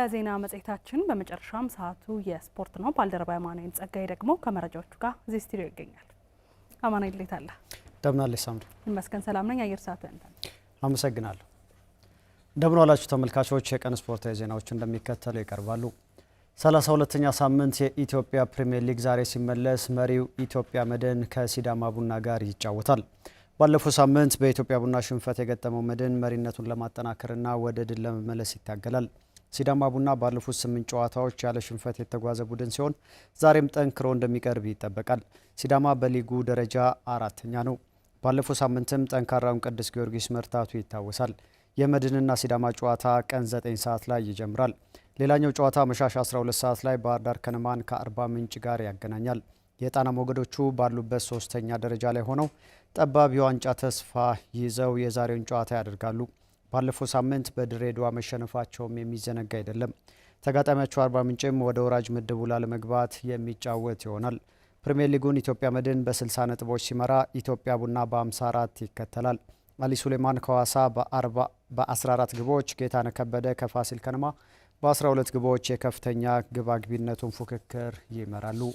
በዜና መጽሔታችን በመጨረሻም ሰዓቱ የስፖርት ነው። ባልደረባ አማኑኤል ጸጋይ ደግሞ ከመረጃዎቹ ጋር እዚህ ስቱዲዮ ይገኛል። አማኑኤል እንዴት አለ? ሳምሪ ይመስገን፣ ሰላም ነኝ። አየር ሰዓቱ ያንተ። አመሰግናለሁ። እንደምን ዋላችሁ ተመልካቾች። የቀን ስፖርታዊ ዜናዎች እንደሚከተለው ይቀርባሉ። 32ኛ ሳምንት የኢትዮጵያ ፕሪምየር ሊግ ዛሬ ሲመለስ መሪው ኢትዮጵያ መድን ከሲዳማ ቡና ጋር ይጫወታል። ባለፈው ሳምንት በኢትዮጵያ ቡና ሽንፈት የገጠመው መድን መሪነቱን ለማጠናከርና ወደ ድል ለመመለስ ይታገላል። ሲዳማ ቡና ባለፉት ስምንት ጨዋታዎች ያለ ሽንፈት የተጓዘ ቡድን ሲሆን ዛሬም ጠንክሮ እንደሚቀርብ ይጠበቃል። ሲዳማ በሊጉ ደረጃ አራተኛ ነው። ባለፈው ሳምንትም ጠንካራውን ቅዱስ ጊዮርጊስ መርታቱ ይታወሳል። የመድንና ሲዳማ ጨዋታ ቀን 9 ሰዓት ላይ ይጀምራል። ሌላኛው ጨዋታ መሻሽ 12 ሰዓት ላይ ባህር ዳር ከነማን ከአርባ ምንጭ ጋር ያገናኛል። የጣና ሞገዶቹ ባሉበት ሶስተኛ ደረጃ ላይ ሆነው ጠባብ የዋንጫ ተስፋ ይዘው የዛሬውን ጨዋታ ያደርጋሉ። ባለፈው ሳምንት በድሬዳዋ መሸነፋቸውም የሚዘነጋ አይደለም። ተጋጣሚያቸው አርባ ምንጭም ወደ ወራጅ ምድቡ ላለመግባት የሚጫወት ይሆናል። ፕሪምየር ሊጉን ኢትዮጵያ መድን በ60 ነጥቦች ሲመራ ኢትዮጵያ ቡና በ54 ይከተላል። አሊ ሱሌማን ከዋሳ በ14 ግቦች፣ ጌታነ ከበደ ከፋሲል ከነማ በ12 ግቦች የከፍተኛ ግባግቢነቱን ፉክክር ይመራሉ።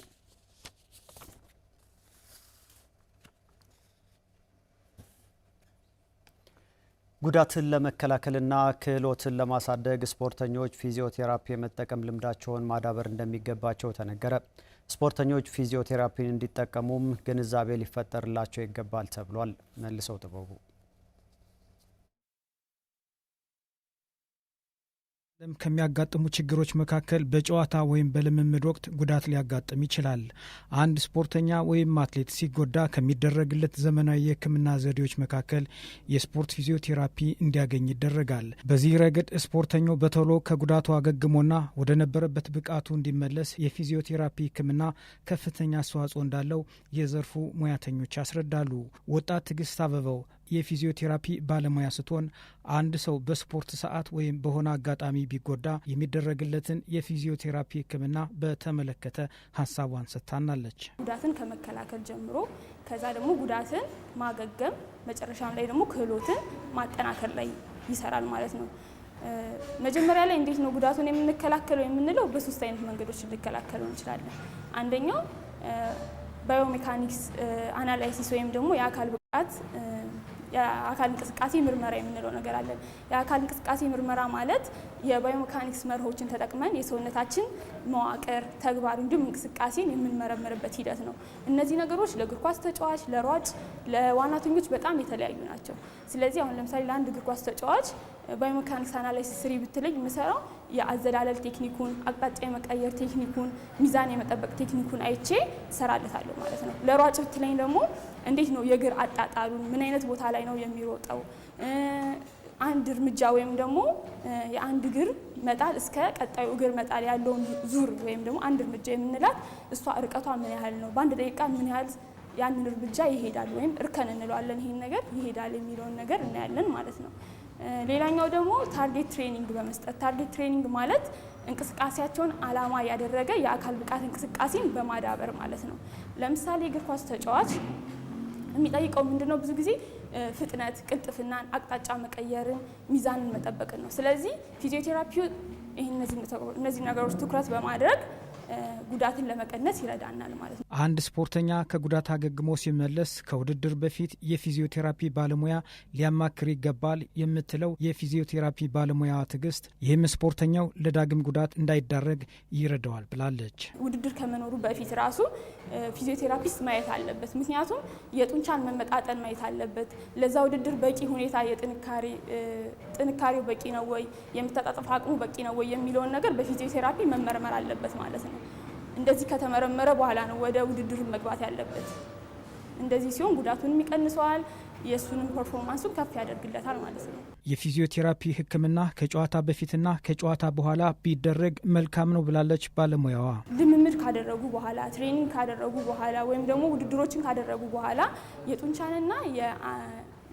ጉዳትን ለመከላከልና ክህሎትን ለማሳደግ ስፖርተኞች ፊዚዮቴራፒ የመጠቀም ልምዳቸውን ማዳበር እንደሚገባቸው ተነገረ። ስፖርተኞች ፊዚዮቴራፒን እንዲጠቀሙም ግንዛቤ ሊፈጠርላቸው ይገባል ተብሏል። መልሰው ጥበቡ ለም ከሚያጋጥሙ ችግሮች መካከል በጨዋታ ወይም በልምምድ ወቅት ጉዳት ሊያጋጥም ይችላል። አንድ ስፖርተኛ ወይም አትሌት ሲጎዳ ከሚደረግለት ዘመናዊ የሕክምና ዘዴዎች መካከል የስፖርት ፊዚዮቴራፒ እንዲያገኝ ይደረጋል። በዚህ ረገድ ስፖርተኛው በቶሎ ከጉዳቱ አገግሞና ወደ ነበረበት ብቃቱ እንዲመለስ የፊዚዮቴራፒ ሕክምና ከፍተኛ አስተዋጽኦ እንዳለው የዘርፉ ሙያተኞች ያስረዳሉ። ወጣት ትዕግስት አበበው የፊዚዮቴራፒ ባለሙያ ስትሆን አንድ ሰው በስፖርት ሰዓት ወይም በሆነ አጋጣሚ ቢጎዳ የሚደረግለትን የፊዚዮቴራፒ ሕክምና በተመለከተ ሀሳቧን ሰጥታናለች። ጉዳትን ከመከላከል ጀምሮ ከዛ ደግሞ ጉዳትን ማገገም መጨረሻም ላይ ደግሞ ክህሎትን ማጠናከር ላይ ይሰራል ማለት ነው። መጀመሪያ ላይ እንዴት ነው ጉዳቱን የምንከላከለው የምንለው በሶስት አይነት መንገዶች ልንከላከለው እንችላለን። አንደኛው ባዮሜካኒክስ አናላይሲስ ወይም ደግሞ የአካል ሰዓት የአካል እንቅስቃሴ ምርመራ የምንለው ነገር አለን። የአካል እንቅስቃሴ ምርመራ ማለት የባዮሜካኒክስ መርሆችን ተጠቅመን የሰውነታችን መዋቅር፣ ተግባር እንዲሁም እንቅስቃሴን የምንመረምርበት ሂደት ነው። እነዚህ ነገሮች ለእግር ኳስ ተጫዋች፣ ለሯጭ፣ ለዋናተኞች በጣም የተለያዩ ናቸው። ስለዚህ አሁን ለምሳሌ ለአንድ እግር ኳስ ተጫዋች ባዮሜካኒክስ አናላይሲስ ስሪ ብትለይ የምሰራው የአዘላለል ቴክኒኩን፣ አቅጣጫ የመቀየር ቴክኒኩን፣ ሚዛን የመጠበቅ ቴክኒኩን አይቼ እሰራለታለሁ ማለት ነው። ለሯጭ ብትለኝ ደግሞ እንዴት ነው የእግር አጣጣሉን ምን አይነት ቦታ ላይ ነው የሚሮጠው። አንድ እርምጃ ወይም ደግሞ የአንድ እግር መጣል እስከ ቀጣዩ እግር መጣል ያለውን ዙር ወይም ደግሞ አንድ እርምጃ የምንላት እሷ ርቀቷ ምን ያህል ነው፣ በአንድ ደቂቃ ምን ያህል ያንን እርምጃ ይሄዳል ወይም እርከን እንለዋለን። ይሄን ነገር ይሄዳል የሚለውን ነገር እናያለን ማለት ነው። ሌላኛው ደግሞ ታርጌት ትሬኒንግ በመስጠት ታርጌት ትሬኒንግ ማለት እንቅስቃሴያቸውን ዓላማ ያደረገ የአካል ብቃት እንቅስቃሴን በማዳበር ማለት ነው። ለምሳሌ እግር ኳስ ተጫዋች የሚጠይቀው ምንድን ነው ብዙ ጊዜ ፍጥነት፣ ቅልጥፍናን፣ አቅጣጫ መቀየርን፣ ሚዛንን መጠበቅን ነው። ስለዚህ ፊዚዮቴራፒው እነዚህ ነገሮች ትኩረት በማድረግ ጉዳትን ለመቀነስ ይረዳናል ማለት ነው። አንድ ስፖርተኛ ከጉዳት አገግሞ ሲመለስ ከውድድር በፊት የፊዚዮቴራፒ ባለሙያ ሊያማክር ይገባል የምትለው የፊዚዮቴራፒ ባለሙያ ትዕግስት፣ ይህም ስፖርተኛው ለዳግም ጉዳት እንዳይዳረግ ይረዳዋል ብላለች። ውድድር ከመኖሩ በፊት ራሱ ፊዚዮቴራፒስት ማየት አለበት። ምክንያቱም የጡንቻን መመጣጠን ማየት አለበት። ለዛ ውድድር በቂ ሁኔታ የጥንካሬ ጥንካሬው በቂ ነው ወይ፣ የምታጣጥፍ አቅሙ በቂ ነው ወይ የሚለውን ነገር በፊዚዮቴራፒ መመርመር አለበት ማለት ነው። እንደዚህ ከተመረመረ በኋላ ነው ወደ ውድድር መግባት ያለበት። እንደዚህ ሲሆን ጉዳቱንም ይቀንሰዋል፣ የእሱንም ፐርፎርማንሱን ከፍ ያደርግለታል ማለት ነው። የፊዚዮቴራፒ ሕክምና ከጨዋታ በፊትና ከጨዋታ በኋላ ቢደረግ መልካም ነው ብላለች ባለሙያዋ። ልምምድ ካደረጉ በኋላ ትሬኒንግ ካደረጉ በኋላ ወይም ደግሞ ውድድሮችን ካደረጉ በኋላ የጡንቻንና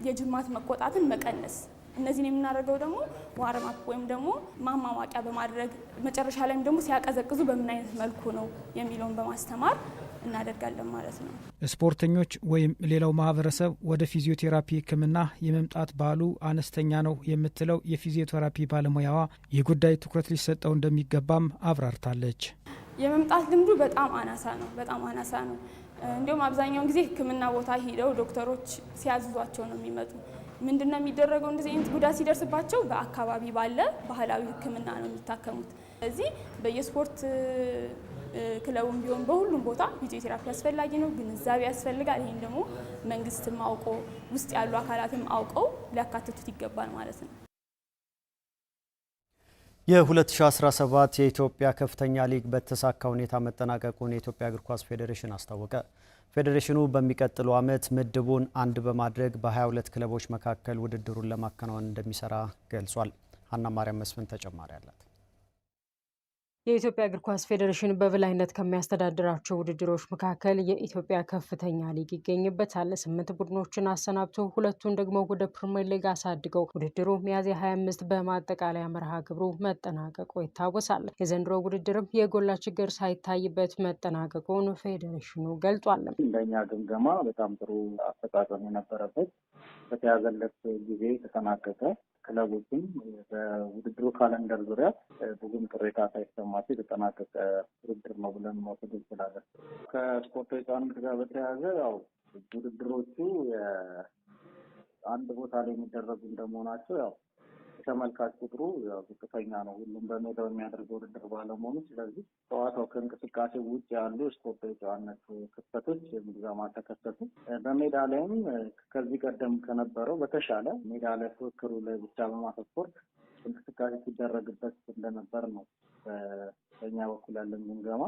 የጅማት መቆጣትን መቀነስ እነዚህን የምናደርገው ደግሞ ዋርም አፕ ወይም ደግሞ ማማዋቂያ በማድረግ መጨረሻ ላይም ደግሞ ሲያቀዘቅዙ በምን አይነት መልኩ ነው የሚለውን በማስተማር እናደርጋለን ማለት ነው። ስፖርተኞች ወይም ሌላው ማህበረሰብ ወደ ፊዚዮቴራፒ ሕክምና የመምጣት ባህሉ አነስተኛ ነው የምትለው የፊዚዮቴራፒ ባለሙያዋ ይህ ጉዳይ ትኩረት ሊሰጠው እንደሚገባም አብራርታለች። የመምጣት ልምዱ በጣም አናሳ ነው። በጣም አናሳ ነው። እንዲሁም አብዛኛውን ጊዜ ሕክምና ቦታ ሂደው ዶክተሮች ሲያዝዟቸው ነው የሚመጡ ምንድን ነው የሚደረገው? እንደዚህ አይነት ጉዳት ሲደርስባቸው በአካባቢ ባለ ባህላዊ ሕክምና ነው የሚታከሙት። ስለዚህ በየስፖርት ክለቡም ቢሆን በሁሉም ቦታ ፊዚዮቴራፒ አስፈላጊ ነው፣ ግንዛቤ ያስፈልጋል። ይህን ደግሞ መንግስትም አውቆ ውስጥ ያሉ አካላትም አውቀው ሊያካትቱት ይገባል ማለት ነው። የ2017 የኢትዮጵያ ከፍተኛ ሊግ በተሳካ ሁኔታ መጠናቀቁን የኢትዮጵያ እግር ኳስ ፌዴሬሽን አስታወቀ። ፌዴሬሽኑ በሚቀጥለው ዓመት ምድቡን አንድ በማድረግ በ22 ክለቦች መካከል ውድድሩን ለማከናወን እንደሚሰራ ገልጿል። ሀና ማርያም መስፍን ተጨማሪ አላት። የኢትዮጵያ እግር ኳስ ፌዴሬሽን በበላይነት ከሚያስተዳድራቸው ውድድሮች መካከል የኢትዮጵያ ከፍተኛ ሊግ ይገኝበታል። ስምንት ቡድኖችን አሰናብቶ ሁለቱን ደግሞ ወደ ፕሪምየር ሊግ አሳድገው ውድድሩ ሚያዝያ 25 በማጠቃለያ መርሃ ግብሩ መጠናቀቁ ይታወሳል። የዘንድሮ ውድድርም የጎላ ችግር ሳይታይበት መጠናቀቁን ፌዴሬሽኑ ገልጧል። እንደኛ ግምገማ በጣም ጥሩ አፈጻጸም የነበረበት በተያዘለት ጊዜ ተጠናቀቀ። ክለቦችም በውድድሩ ካለንደር ዙሪያ ብዙም ቅሬታ ሳይሰማቸው የተጠናቀቀ ውድድር ነው ብለን መውሰድ እንችላለን። ከስፖርታዊ ጨዋነት ጋር በተያያዘ ያው ውድድሮቹ አንድ ቦታ ላይ የሚደረጉ እንደመሆናቸው ያው የተመልካች ቁጥሩ ዝቅተኛ ነው። ሁሉም በሜዳው የሚያደርገው ውድድር ባለመሆኑ፣ ስለዚህ ጨዋታው ከእንቅስቃሴ ውጭ ያሉ ስፖርታዊ ጨዋነት ክፍተቶች ብዛም ተከሰቱ። በሜዳ ላይም ከዚህ ቀደም ከነበረው በተሻለ ሜዳ ላይ ፍክክሩ ላይ ብቻ በማተኮር እንቅስቃሴ ሲደረግበት እንደነበር ነው በኛ በኩል ያለን ግምገማ።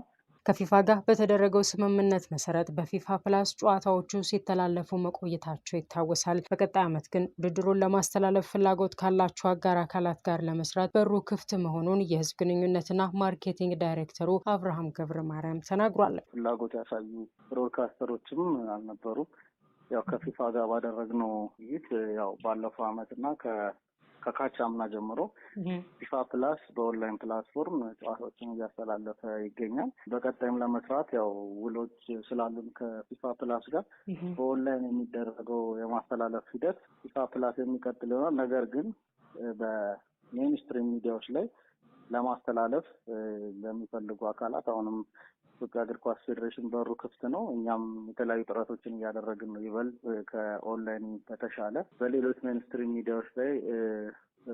ከፊፋ ጋር በተደረገው ስምምነት መሰረት በፊፋ ፕላስ ጨዋታዎቹ ሲተላለፉ መቆየታቸው ይታወሳል። በቀጣይ ዓመት ግን ውድድሩን ለማስተላለፍ ፍላጎት ካላቸው አጋር አካላት ጋር ለመስራት በሩ ክፍት መሆኑን የህዝብ ግንኙነትና ማርኬቲንግ ዳይሬክተሩ አብርሃም ገብረ ማርያም ተናግሯል። ፍላጎት ያሳዩ ብሮድካስተሮችም አልነበሩም። ያው ከፊፋ ጋር ባደረግነው ውይይት ያው ባለፈው ዓመት ከካቻምና ጀምሮ ፊፋ ፕላስ በኦንላይን ፕላትፎርም ጨዋታዎችን እያስተላለፈ ይገኛል። በቀጣይም ለመስራት ያው ውሎች ስላሉን ከፊፋ ፕላስ ጋር በኦንላይን የሚደረገው የማስተላለፍ ሂደት ፊፋ ፕላስ የሚቀጥል ይሆናል። ነገር ግን በሜንስትሪም ሚዲያዎች ላይ ለማስተላለፍ ለሚፈልጉ አካላት አሁንም ኢትዮጵያ እግር ኳስ ፌዴሬሽን በሩ ክፍት ነው። እኛም የተለያዩ ጥረቶችን እያደረግን ነው። ይበልጥ ከኦንላይን በተሻለ በሌሎች ሜንስትሪም ሚዲያዎች ላይ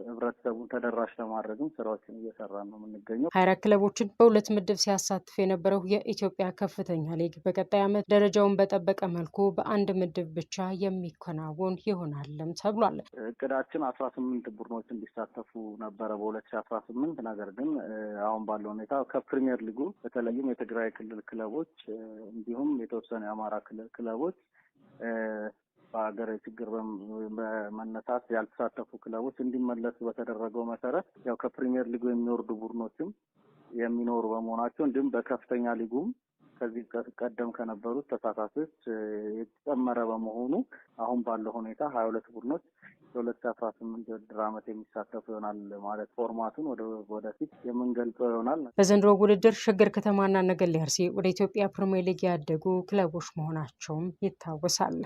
ህብረተሰቡን ተደራሽ ለማድረግም ስራዎችን እየሰራ ነው የምንገኘው። ሀያ አራት ክለቦችን በሁለት ምድብ ሲያሳትፍ የነበረው የኢትዮጵያ ከፍተኛ ሊግ በቀጣይ ዓመት ደረጃውን በጠበቀ መልኩ በአንድ ምድብ ብቻ የሚከናወን ይሆናልም ተብሏል። እቅዳችን አስራ ስምንት ቡድኖች እንዲሳተፉ ነበረ በሁለት ሺ አስራ ስምንት ነገር ግን አሁን ባለው ሁኔታ ከፕሪሚየር ሊጉ በተለይም የትግራይ ክልል ክለቦች እንዲሁም የተወሰኑ የአማራ ክልል ክለቦች በሀገራዊ ችግር በመነሳት ያልተሳተፉ ክለቦች እንዲመለሱ በተደረገው መሰረት ያው ከፕሪሚየር ሊጉ የሚወርዱ ቡድኖችም የሚኖሩ በመሆናቸው እንዲሁም በከፍተኛ ሊጉም ከዚህ ቀደም ከነበሩት ተሳታፊዎች የተጨመረ በመሆኑ አሁን ባለው ሁኔታ ሀያ ሁለት ቡድኖች የሁለት ሺ አስራ ስምንት ውድድር ዓመት የሚሳተፉ ይሆናል ማለት ፎርማቱን ወደፊት የምንገልጸው ይሆናል። በዘንድሮ ውድድር ሸገር ከተማና ነገሌ አርሲ ወደ ኢትዮጵያ ፕሪሚየር ሊግ ያደጉ ክለቦች መሆናቸውም ይታወሳል።